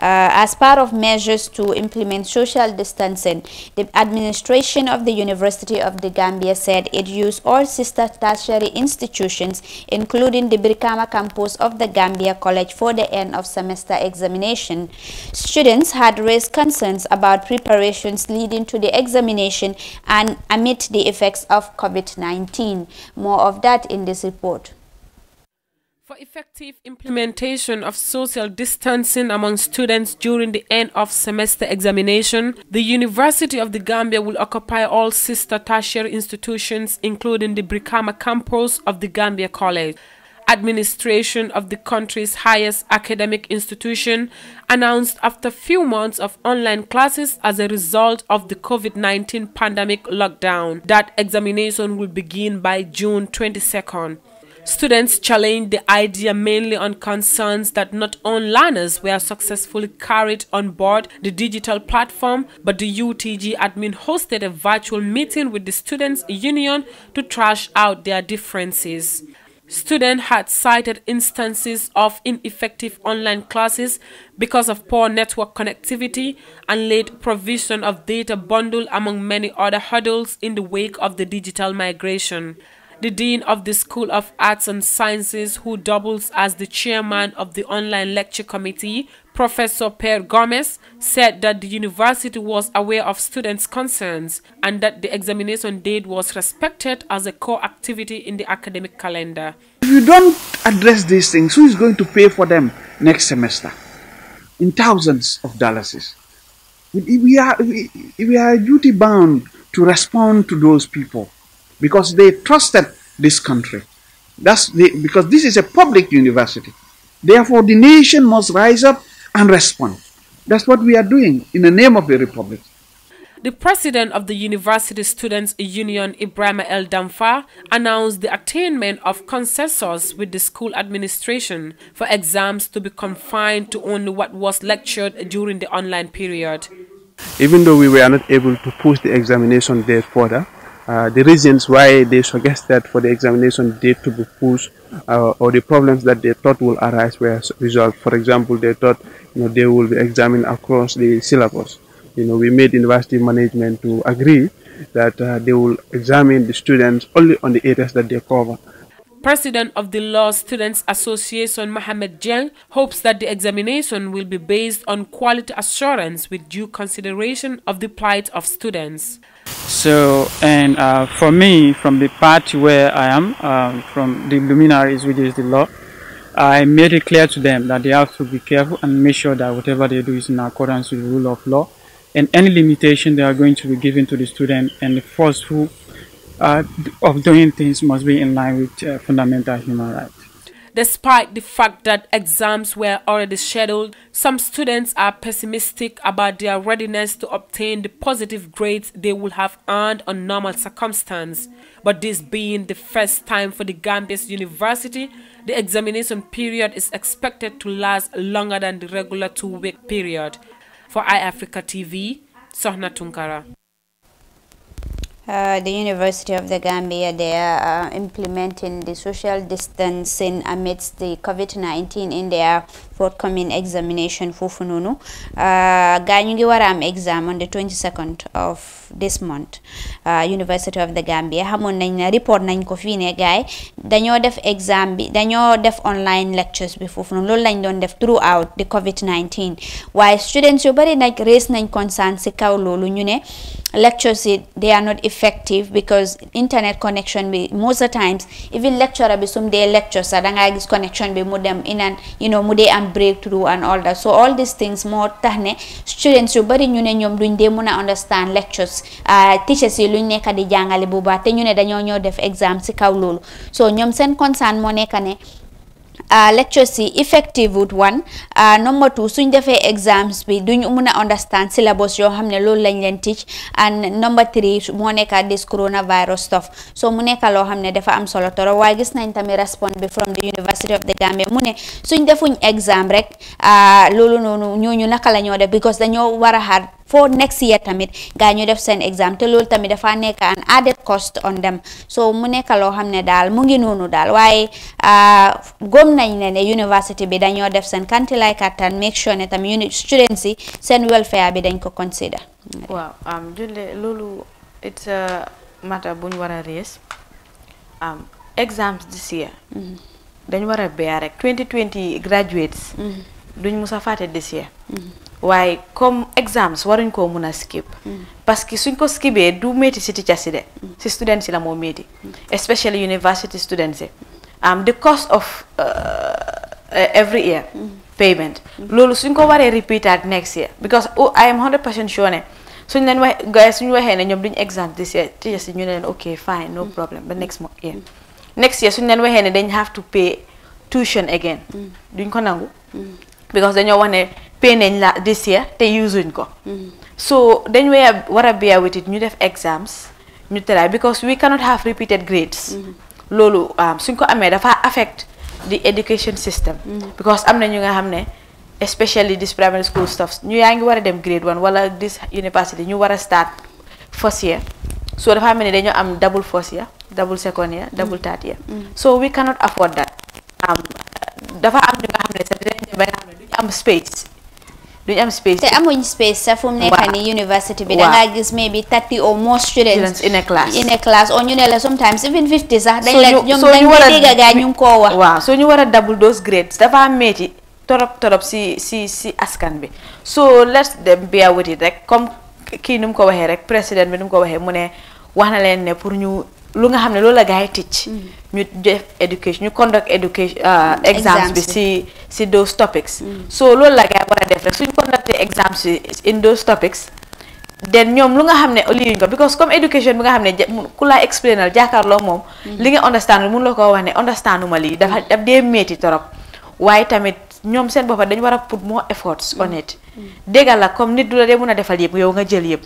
Uh, as part of measures to implement social distancing, the administration of the University of the Gambia said it used all sister tertiary institutions, including the Brikama campus of the Gambia College for the end of semester examination. Students had raised concerns about preparations leading to the examination and amid the effects of COVID-19. More of that in this report for effective implementation of social distancing among students during the end of semester examination, the University of the Gambia will occupy all sister tertiary institutions, including the Brikama campus of the Gambia College. Administration of the country's highest academic institution announced after few months of online classes as a result of the COVID-19 pandemic lockdown that examination will begin by June 22nd. Students challenged the idea mainly on concerns that not all learners were successfully carried on board the digital platform, but the UTG admin hosted a virtual meeting with the students' union to trash out their differences. Students had cited instances of ineffective online classes because of poor network connectivity and late provision of data bundle among many other hurdles in the wake of the digital migration the Dean of the School of Arts and Sciences, who doubles as the chairman of the online lecture committee, Professor Per Gomez, said that the university was aware of students' concerns and that the examination date was respected as a core activity in the academic calendar. If you don't address these things, who is going to pay for them next semester? In thousands of dollars. We are, we are duty bound to respond to those people because they trusted this country. That's the, because this is a public university. Therefore, the nation must rise up and respond. That's what we are doing in the name of the republic. The president of the University Students Union, Ibrahim El Damfa, announced the attainment of consensus with the school administration for exams to be confined to only what was lectured during the online period. Even though we were not able to push the examination date further, uh, the reasons why they suggested for the examination date to be pushed uh, or the problems that they thought will arise were resolved. For example, they thought you know, they will be examined across the syllabus. You know, we made university management to agree that uh, they will examine the students only on the areas that they cover. President of the Law Students Association, Mohamed Jeng, hopes that the examination will be based on quality assurance with due consideration of the plight of students so and uh, for me from the part where i am uh, from the luminaries which is the law i made it clear to them that they have to be careful and make sure that whatever they do is in accordance with the rule of law and any limitation they are going to be given to the student and the forceful uh, of doing things must be in line with uh, fundamental human rights Despite the fact that exams were already scheduled, some students are pessimistic about their readiness to obtain the positive grades they would have earned on normal circumstances. But this being the first time for the Gambia's university, the examination period is expected to last longer than the regular two-week period. For iAfrica TV, Sohna Tunkara. Uh, the University of the Gambia, they are uh, implementing the social distancing amidst the COVID-19 in their forthcoming examination for Fununu. Uh, exam on the 22nd of this month, uh, University of the Gambia. Hamon nañ report nañ ko fii ne gaay dañoo def exam bi dañoo def online lectures bi foofu noonu loolu lañ doon def throughout the COVID-19 waaye students yu bari nag raise nañ concern si kaw loolu ñu ne lectures they are not effective because internet connection bi most of the times even lecturer bi sum dee lecture sax danga gis connection bi mu dem in mu dee am breakthrough and all that so all these things moo tax ne students yu bari ñu ne ñoom duñ dee mun a understand lectures ah, teachers yi luñ nekk di jàngale bu baax te ñu ne dañoo ñoo def exam si kaw loolu so ñoom seen concern moo nekk ne Ah, lectures yi effective wut one number two suñ defee exams bi duñ mun a understand syllabus yoo xam ne loolu lañ leen teach and number three moo nekk this coronavirus stuff so mu nekk loo xam ne dafa am solo toro waaye gis nañ tamit response bi from the University of the Gambia mu ne suñ defuñ exam rek ah, loolu noonu ñooñu naka la ñoo def because dañoo war a for next year tamit gaa ñu def seen exam te loolu tamit dafa nekk an added cost on dem so mu nekk loo xam ne daal mu ngi noonu daal waaye ah, gom nañ ne ne university bi dañoo def seen kanti lay kattan make sure ne tamit students yi seen welfare bi dañ ko consider waaw am loolu it's a war a raise am exams this year mm-hmm. dañ war a bear rek 2020 graduates mm-hmm. duñ musa fàtte this year mm-hmm. waaye comme exams waruñ koo mun a skip. Mm. parce que suñ ko skibee du métti si teacher si de. Mm. si students si la moo métti. Mm. especially university students yi. am um, the cost of uh, e-, every year. payment loolu suñ ko waree repeated next year because oh, I am 100% sure ne suñ leen wax gars suñ waxee ne ñoom duñ exam this year teacher si ñu ne leen ok fine no problem ba next year. next year suñ leen waxee ne dañ have to pay tuition again. duñ ko nangu. because dañoo pay nañ la this year te useuñ ko mm-hmm. so dañ way war a bear with it ñu def exams ñu try because we cannot have repeated grades mm-hmm. loolu um, suñ ko amee dafa affect the education system mm-hmm. because am na ñu nga xam ne especially this primary school stuff ñu yaa ngi war a dem grade one wala this university ñu war a start first year so dafa mel ni dañoo am double first year double second year double third year so we cannot afford that um, dafa am ñu nga xam ne sax ba nga duñ am space. sax fu mu nekk nii university bi. da ngaa gis maybe thirty or more students. in a class in a class or ñu ne la sometimes even fifty sax. dañ la ñoom dañ la dégg gaa ñu koo wax. soo ñu war double those grades dafa metti torop torop si si askan bi so let's dem bear with it rek comme kii nu mu ko waxee rek président bi nu mu ko waxee mu ne wax na leen ne pour ñu. lu nga xam ne loolu la gars yi ticc mm. ñu def éducation ñu conduct education euh, mm. exams bi si si those topics mm. so loolu la gars yi war a def rek suñ conductee exams bi in those topics den ñoom lu nga xam ne liyuñ ko because comme éducation bi nga xam ne ku laa explainal jàkkaarloo moom li nga understand mun la ko wax ne understanduma lii dafa daf dee métti torop waaye tamit ñoom seen boppa dañu war a put more efforts on it déggal la comme nit du la dee mën a defal yëpp yow nga jël yëpp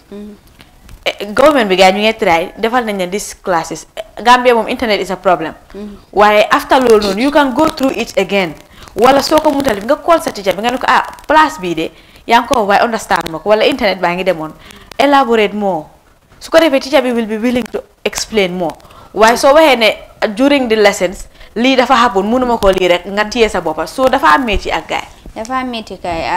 government bi gañu ñu try defal nañ leen classes Gambia mom internet is a problem. Mm-hmm. Why after lool you can go through it again. wala soko mutal nga call sa teacher bi nga ko ah place bi de yang ko way understand mako wala internet ba nga demoon elaborate mo su ko defé teacher bi will be willing to explain mo Why so waxee ne during the lessons li dafa happen mënuma ko li rek nga tié sa bopa so dafa am métti ak gaay dafa am métti kay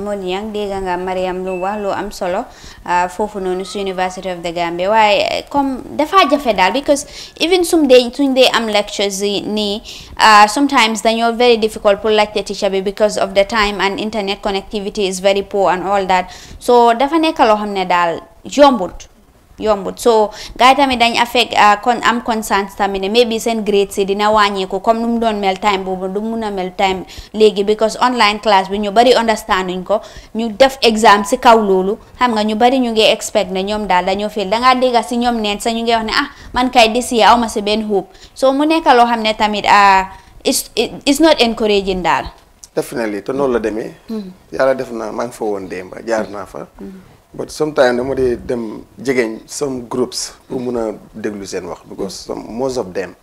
moo ah, mon yang dégg nga Mariam lu wax lu am solo. Euh, foofu noonu su University of the Gambia waaye comme jafe daal because even sum dee suñ dee am lectures yi nii uh, sometimes dañoo very difficult pour laajte teacher bi because of the time and internet connectivity is very poor and all that so dafa nekk loo xam ne daal jombut yombut so gars yi tamit dañ affect kon uh, am conscience tamit ne maybe seen grade si dina wàññeeku comme nu doon mel time boobu du mun a mel time léegi because online class bi ñu bari understanduñ ko ñu def exam si kaw loolu xam nga ñu bari ñu ngi expect ne ñoom daal dañoo feel dangaa dégga si ñoom neen sa ñu ngi wax ne ah man kay this year aw ma si benn hope so mu nekk loo xam ne tamit uh, it's not encouraging daal te noonu la demee mm-hmm. yàlla def na maa ngi fa woon démba but sometimes dama dee dem jegeeñ some groups pour mun a déglu seen wax because mm. some most of them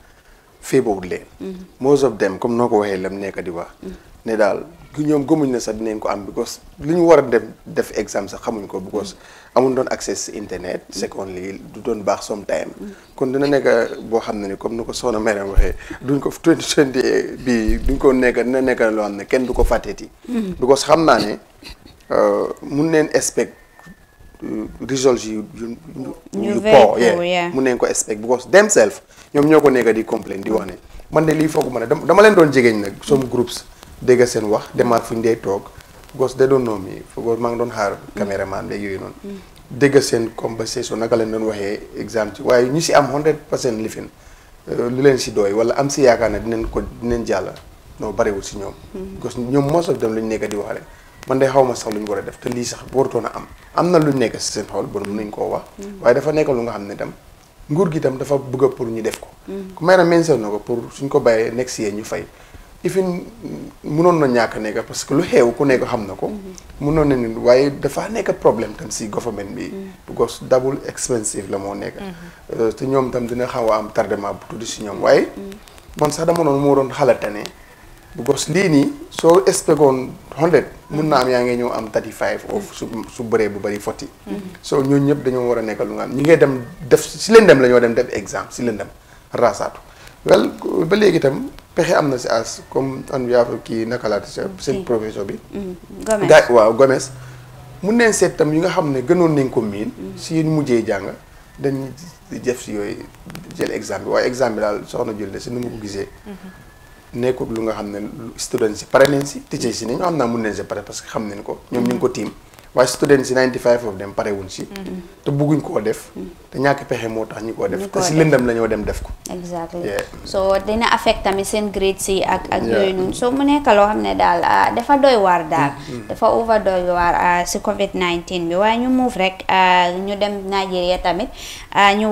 féebawut leen mm-hmm. most of them comme noo ko waxee lam nekk di wax mm. ne daal ñoom gëmuñ ne sax dinañ ko am because li ñu war a dem def exam sax xamuñ ko because mm. amuñ doon accès si internet secondly du doon baax sometime kon dina nekk boo xam ne ni comme ni ko Soxna Mariam waxee duñ ko twenty twenty bi duñ koo nekk dina nekk loo xam ne kenn du ko fàtteeti because xam naa ne euh, mun neen expect Euh, results yu yu yu poor yeah mun nañ ko expect because themselves ñoom ñoo ko nekk di complain di wax ne man de lii foog ma ne dama leen doon jegeñ nag some groups dégg seen wax demaat fu ñu dee toog because they don't know me because maa ngi doon xaar caméraman beeg yooyu noonu mm. dégg seen conversation naka leen doon waxee exam ci waaye ñu si am 100 pour cent lifin euh, lu leen si doy wala am si yaakaar ne dinañ ko dinañ jàll noo barewul si ñoom mm. because ñoom most of them lañ nekk di wax rek man de xaw ma sax lu ñu war a def te lii sax warutoon a am am na lu nekk si seen xol bon mën nañ koo wax mm-hmm. waaye dafa nekk lu nga xam ne tam nguur gi tam dafa bëgg ñu def ko ku mm-hmm. may na suñ ko bàyyee nekk si yéen ñu na ñàkk nekk parce que lu xew ku nekk xam na ko mm-hmm. mënoon nañu waaye dafa nekk problème tam si government bi because double expensive la moo nekk uh, te ñoom tam dina xaw a am tardement bu tuddi si ñoom waaye man sax dama noonu moo doon xalaatane because lii nii soo expectoon hundred mun na am yaa ngi ñëw am thirty five of su su bëree bu bëri forty mhm. so ñooñu ñëpp dañoo war a nekkal lu nga am ñi ngay dem def si lëndëm la ñoo dem def exam si lëndëm rasaatu wel ba léegi tam pexe am na si as comme an yaa kii naka laata seen professeur bi mm-hmm. gaa waaw Gomes mun neen seet tam yi nga xam ne gënoon nañ ko miin mm-hmm. si mujjee jàng dañ def si yooyu jël exam bi waaye exam bi daal soxna Julle si nu ma nekkut lu nga xamne student ci pare nañ si teacher si ne ñoo xam naa mun nañ parce que xamne ko ñom ñu ko tiim waaye student ci 95 of dem paré wuñ ci mm-hmm. te bëgguñ ko def mm-hmm. te ñak pexé mo tax ñu def te si lëndam lañu dem def ko exactly so dina affect tamit sen grade si ak ak yoy ñun so mu nekk lo xamne dal ah, dafa doy war dal mm-hmm. dafa over doy war ah, si covid 19 bi way ñu move rek ah, ñu dem Nigeria tamit ñu